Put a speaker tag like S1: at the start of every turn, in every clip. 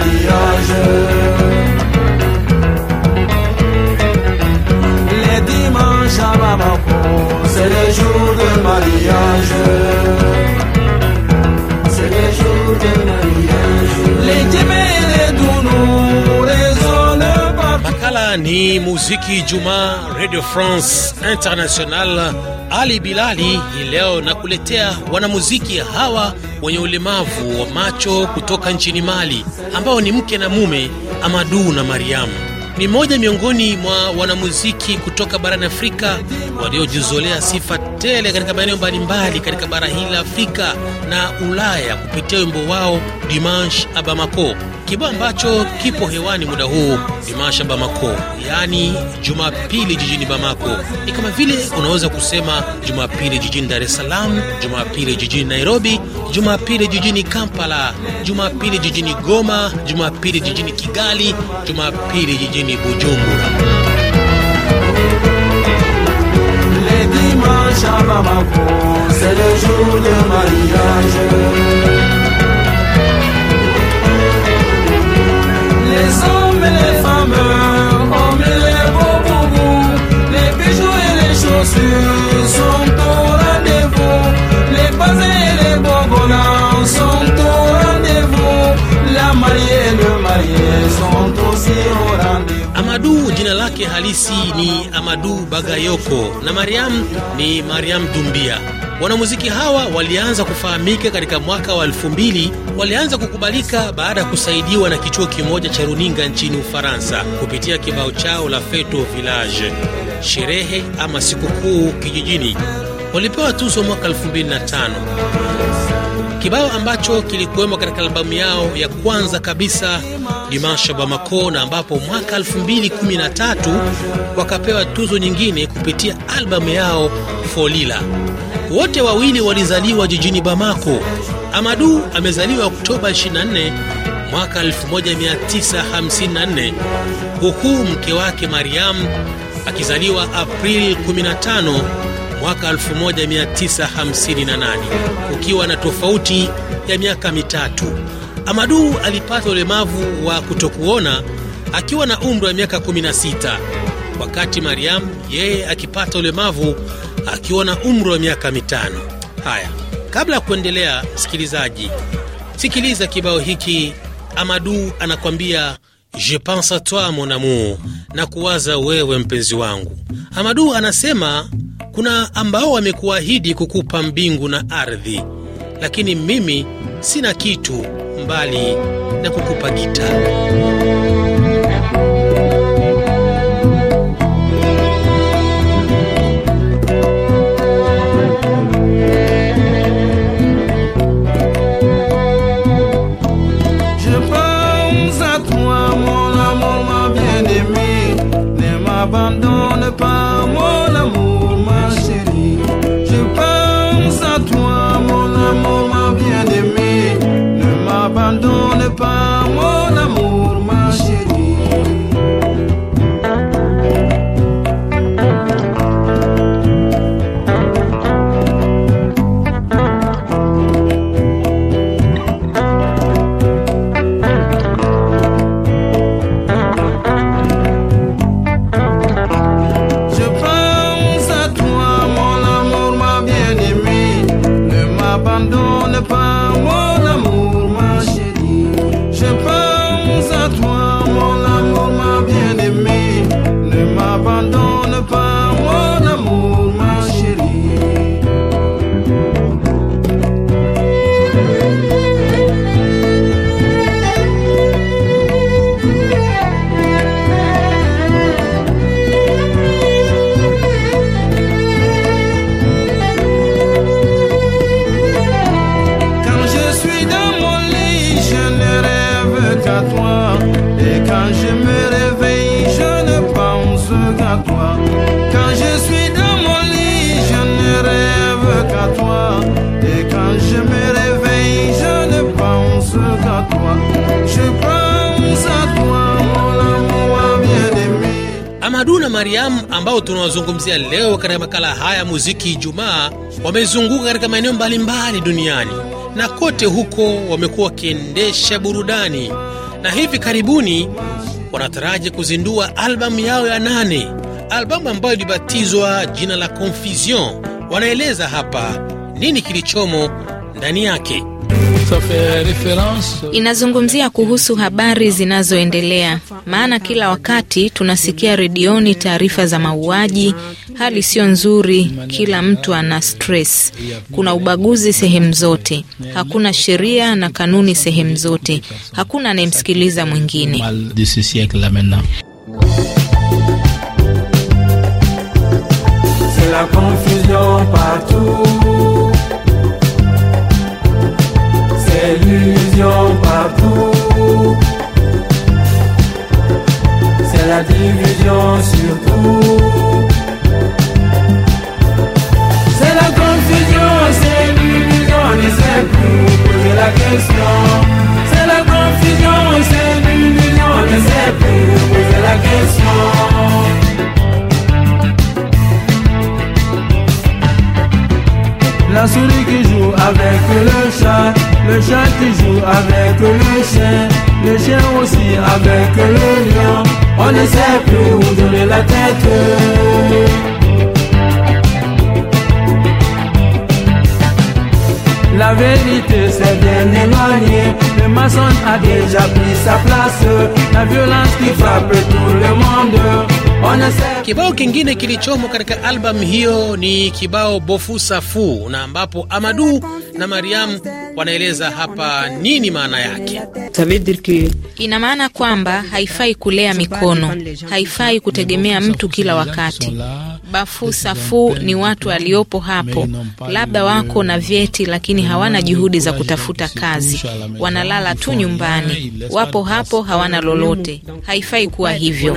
S1: mariage. Les dimanches à Bamako, c'est les jours de mariage. Makala
S2: ni muziki Juma Radio France International Ali Bilali hii leo nakuletea wanamuziki hawa wenye ulemavu wa macho kutoka nchini Mali ambao ni mke na mume Amadu na Mariamu. Ni mmoja miongoni mwa wanamuziki kutoka barani Afrika waliojizolea sifa tele katika maeneo mbalimbali katika bara hili la Afrika na Ulaya kupitia wimbo wao Dimanche Abamako. Kibao ambacho kipo hewani muda huu ni Masha Bamako, yaani Jumapili jijini Bamako. Ni kama vile unaweza kusema Jumapili jijini Dar es Salaam, Jumapili jijini Nairobi, Jumapili jijini Kampala, Jumapili jijini Goma, Jumapili jijini Kigali, Jumapili jijini Bujumbura.
S1: Le dimanche à Bamako, c'est le jour de mariage.
S2: jina lake halisi ni Amadu Bagayoko na Mariam ni Mariam Dumbia. Wanamuziki hawa walianza kufahamika katika mwaka wa elfu mbili. Walianza kukubalika baada ya kusaidiwa na kichuo kimoja cha runinga nchini Ufaransa kupitia kibao chao la Feto Village, sherehe ama sikukuu kijijini. Walipewa tuzo mwaka 2005 kibao ambacho kilikuwemo katika albamu yao ya kwanza kabisa Dimansha Bamako, na ambapo mwaka 2013 wakapewa tuzo nyingine kupitia albamu yao Folila. Wote wawili walizaliwa jijini Bamako. Amadu amezaliwa Oktoba 24 mwaka 1954 huku mke wake Mariam akizaliwa Aprili 15 mwaka 1958 ukiwa na tofauti ya miaka mitatu. Amadu alipata ulemavu wa kutokuona akiwa na umri wa miaka 16, wakati Mariam yeye akipata ulemavu akiwa na umri wa miaka mitano. Haya, kabla ya kuendelea, msikilizaji, sikiliza kibao hiki. Amadu anakwambia Je pense a toi mon amour, na kuwaza wewe mpenzi wangu. Amadu anasema kuna ambao wamekuahidi kukupa mbingu na ardhi, lakini mimi sina kitu mbali na kukupa gitaa.
S1: toi. Quand je suis dans mon lit, je ne rêve qu'à toi. Et quand je me réveille, je ne pense qu'à toi. Je pense à toi, mon amour bien-aimé.
S2: Amadu na Mariam ambao tunawazungumzia leo katika makala haya muziki Ijumaa wamezunguka katika maeneo mbalimbali duniani na kote huko wamekuwa wakiendesha burudani na hivi karibuni wanataraji kuzindua albamu yao ya nane, albamu ambayo ilibatizwa jina la Confusion. Wanaeleza hapa nini kilichomo ndani yake
S3: inazungumzia kuhusu habari zinazoendelea, maana kila wakati tunasikia redioni taarifa za mauaji, hali sio nzuri, kila mtu ana stress, kuna ubaguzi sehemu zote, hakuna sheria na kanuni sehemu zote, hakuna anayemsikiliza mwingine.
S1: La confusion partout. division surtout. C'est la confusion, c'est l'illusion, on ne sait plus poser la question. C'est la confusion, c'est l'illusion, on ne sait plus poser la question. La souris qui joue avec le chat, le chat qui joue avec le chien le chien aussi avec le lion. On ne sait plus où donner la tête. La vérité c'est bien éloigné le maçon a déjà pris sa place. La violence qui frappe tout le monde,
S2: Kibao kingine kilichomo katika albamu hiyo ni kibao bofu safu, na ambapo Amadu na Mariam wanaeleza hapa nini maana yake.
S3: Ina maana kwamba haifai kulea mikono, haifai kutegemea mtu kila wakati. Bafu safu ni watu waliopo hapo, labda wako na vyeti lakini hawana juhudi za kutafuta kazi, wanalala tu nyumbani, wapo hapo, hawana lolote. Haifai kuwa hivyo.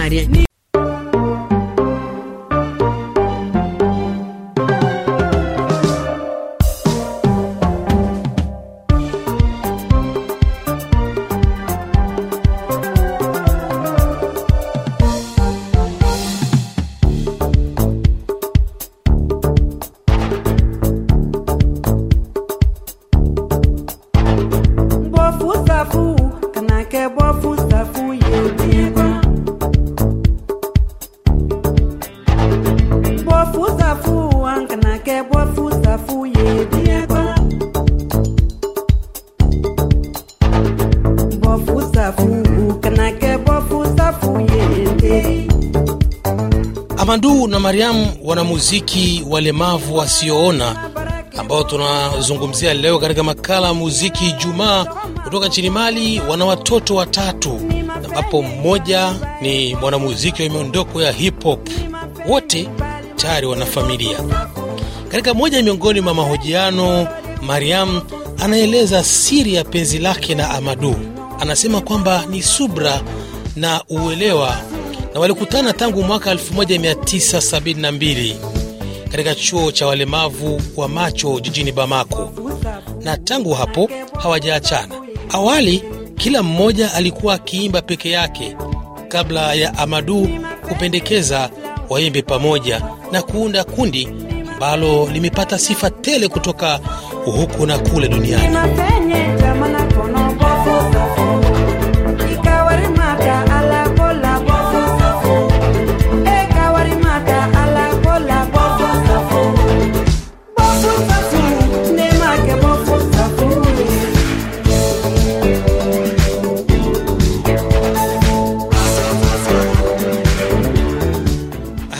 S2: Amandu na mariam wanamuziki walemavu wasioona ambao tunazungumzia leo katika makala ya muziki Jumaa, kutoka nchini Mali. Wana watoto watatu, ambapo mmoja ni mwanamuziki wa miondoko ya hip hop. Wote madaktari wanafamilia. Katika moja miongoni mwa mahojiano, Mariam anaeleza siri ya penzi lake na Amadu. Anasema kwamba ni subra na uelewa, na walikutana tangu mwaka 1972 katika chuo cha walemavu wa macho jijini Bamako, na tangu hapo hawajaachana. Awali kila mmoja alikuwa akiimba peke yake kabla ya Amadu kupendekeza waimbe pamoja na kuunda kundi ambalo limepata sifa tele kutoka huku na kule duniani.